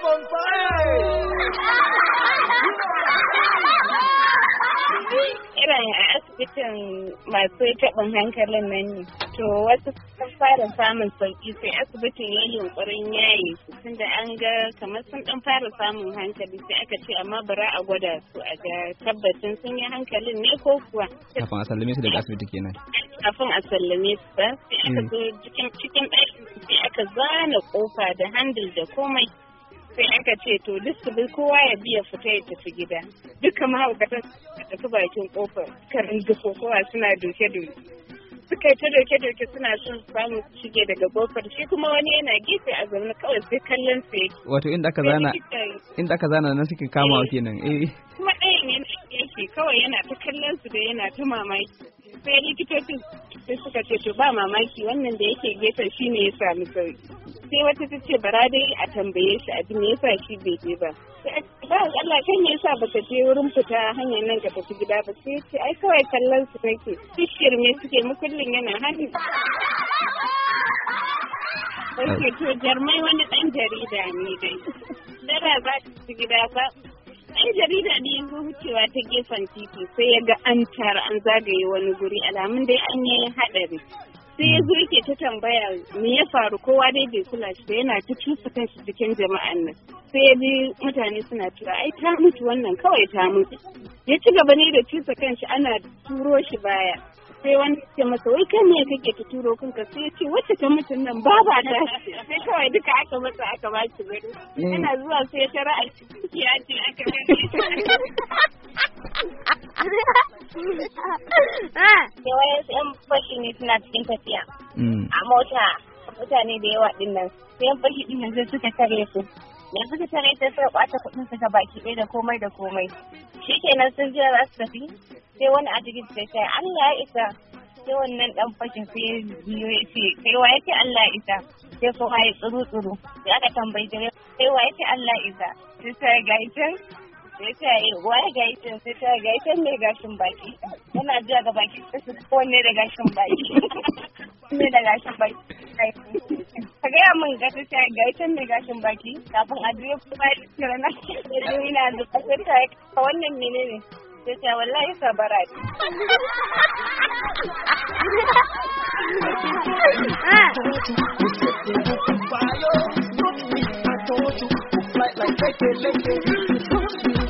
up Irin a asibitin masu taɓin hankalin nan ne. To wasu sun fara samun sauƙi sai asibitin ya yunƙurin yayi tun da an ga kamar sun ɗan fara samun hankali sai aka ce amma bara a gwada su a ga tabbacin sun yi hankalin ne ko kuwa. Kafin a sallame su daga asibiti kenan. Kafin a sallame su ba sai aka mm. zo cikin ɗakin sai aka zana ƙofa da handil da komai. sai aka ce to lissabi kowa ya biya fita ya tafi gida duka mahaukatan suka tafi bakin kofar karin dufo kowa suna doke-doke suka ta doke-doke suna son samu shige daga kofar shi kuma wani yana gefe a zaune kawai sai kallon su yake wato inda aka zana inda aka zana nan suke kama eh. kenan eh kuma ɗayan yana yake kawai yana ta kallon su da yana ta mamaki sai likitocin sai suka ce to ba mamaki wannan da yake gefen shine ya sami sauki sai wata ta ce bara dai a tambaye shi abin ya sa shi bai je ba ba Allah kan ya sa baka je wurin fita hanyar nan ka tafi gida ba sai ce ai kawai kallon su ke. su me suke mukullin yana hannu Ok to jarmai wani ɗan jarida ne dai. Dara za ta ci gida ba. Ɗan jarida ne yanzu wucewa ta gefen titi sai ya ga an tara an zagaye wani guri alamun dai an yi haɗari. sai ya zo yake ta tambaya me ya faru kowa dai bai kula shi ba yana ta cusa shi cikin jama'an nan sai ya bi mutane suna cewa ai ta mutu wannan kawai ta mutu ya ci gaba ne da cusa kanshi ana turo shi baya sai wani ke masa wai kan ne kake ta turo kanka sai ya ce wacce ta mutu nan ba ba ta sai kawai duka aka masa aka ba shi gari mm. yana zuwa sai ya tara a ciki ya ce aka da wayan yan fashi ne suna cikin tafiya mm. a mota mutane da yawa din nan sai yan fashi din nan suka tare su da suka tare sai suka kwata kuɗin suka baki ɗaya da komai da komai shikenan sun je za su tafi sai wani a jirgin sai sai Allah ya isa sai wannan dan fashin sai ya biyo ya ce sai wa yace Allah ya isa sai kuma ya tsuru tsuru sai aka tambayi sai wa yace Allah ya isa sai sai ga ya ce waye ga itin sai ta ga itin gashin baki yana jiya ga baki su kowanne da gashin baki ne da gashin baki ka gaya min ga ta ga itin mai gashin baki kafin a biyo kuma ya tsira na ina da kasar ta ka wannan menene sai ta wallahi sabara ce Bayo, look me, I told you, fly like a lady.